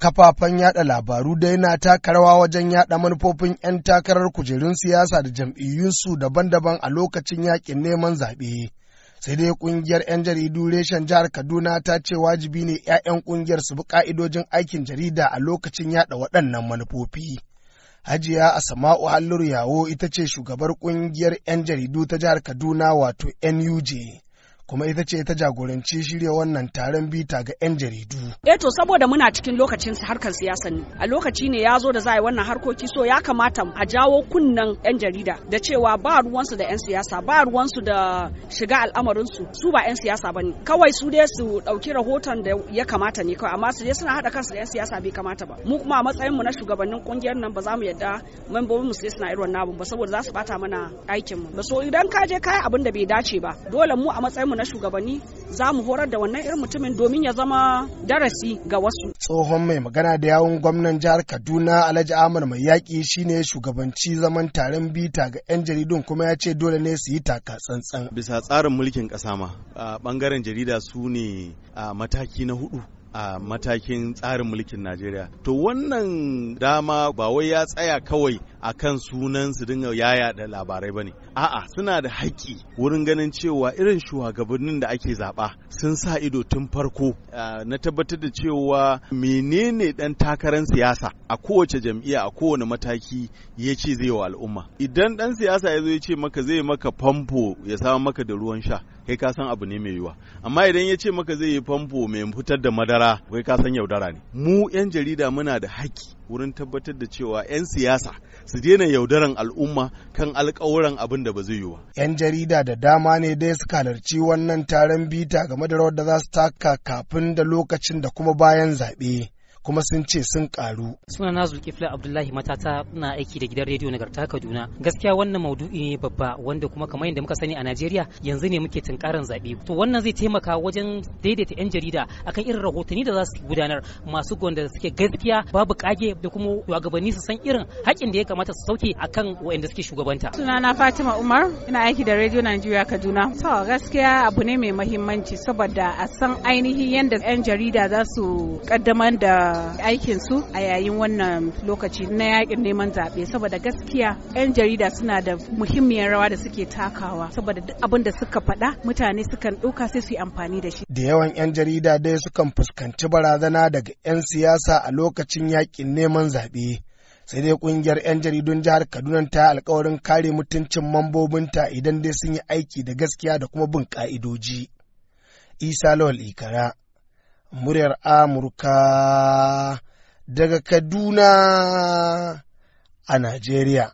kafafen yada labaru dai na taka rawa wajen yada manufofin 'yan takarar kujerun siyasa da jam'iyyunsu daban-daban a lokacin yakin neman zaɓe. Sai dai ƙungiyar 'yan jaridu reshen jihar Kaduna ta ce wajibi ne 'ya'yan ƙungiyar su bi ka'idojin aikin jarida a lokacin yada waɗannan manufofi. Hajiya Asama'u Halluru Yawo ita ce shugabar ƙungiyar 'yan jaridu ta jihar Kaduna wato NUJ. kuma ita ce ta jagoranci shirya wannan taron bita ga 'yan jaridu. Eh to saboda muna cikin lokacin harkar siyasa ne a lokaci ne ya zo da za a yi wannan harkoki so ya kamata a jawo kunnen 'yan jarida da cewa ba ruwansu da 'yan siyasa ba ruwansu da shiga al'amarinsu su ba 'yan siyasa ba ne kawai su dai su ɗauki rahoton da ya kamata ne kawai amma su dai suna haɗa kansu da 'yan siyasa bai kamata ba mu kuma a matsayin mu na shugabannin kungiyar nan ba za mu yadda membobin mu sai suna irin wannan ba saboda za su bata mana aikin mu so idan ka je kai abin da bai dace ba dole mu a matsayin mu na shugabanni za mu horar da wannan irin mutumin domin ya zama darasi ga wasu. Tsohon mai magana da yawun gwamnan jihar Kaduna Alhaji Ahmad mai yaƙi shine shugabanci zaman taron bita ga 'yan jaridun kuma ya ce dole ne su yi taka tsantsan. Bisa tsarin mulkin ƙasa ma ɓangaren jarida su ne a mataki na hudu a matakin tsarin mulkin Najeriya. To wannan dama ba wai ya tsaya kawai a kan sunan su dinga yaya da labarai bane a'a suna da haƙƙi wurin ganin cewa irin shugabannin da ake zaɓa sun sa ido tun farko na tabbatar da cewa menene ɗan takarar siyasa a kowace jam'iyya a kowane mataki ya ce zai wa al'umma idan ɗan siyasa ya zo ya ce maka zai maka famfo ya samu maka da ruwan sha kai ka san abu ne mai yiwa amma idan ya ce maka zai yi famfo mai fitar da madara kai ka san yaudara ne mu 'yan jarida muna da haƙƙi wurin tabbatar da cewa 'yan siyasa su daina yaudaran al'umma kan alkawuran abin da ba zai yi ba. 'Yan jarida da dama ne dai suka halarci wannan taron bita game da rawar da za su taka kafin da lokacin da kuma bayan zaɓe. kuma sun ce sun karu suna na zulkifla abdullahi matata na aiki da gidan rediyo nagarta kaduna gaskiya wannan maudu'i ne babba wanda kuma kamar yadda muka sani a najeriya yanzu ne muke tunkarin zaɓe to wannan zai taimaka wajen daidaita yan jarida akan irin rahotanni da za su gudanar masu gwanda suke gaskiya babu kage da kuma shugabanni su san irin haƙƙin da ya kamata su sauke akan waɗanda suke shugabanta sunana fatima umar ina aiki da rediyo najeriya kaduna to gaskiya abu ne mai mahimmanci saboda a san ainihin yadda yan jarida za su kaddamar da aikin su a yayin wannan lokaci na yakin neman zaɓe saboda gaskiya 'yan jarida suna da muhimmiyar rawa da suke takawa saboda duk abin da suka faɗa mutane sukan ɗauka sai su yi amfani da shi. Da yawan 'yan jarida dai sukan fuskanci barazana daga 'yan siyasa a lokacin yakin neman zaɓe. sai dai kungiyar 'yan jaridun jihar kaduna ta alkawarin kare mutuncin mambobinta idan dai sun yi aiki da gaskiya da kuma bin ka'idoji isa lawal ikara muryar Amurka daga Kaduna a Najeriya.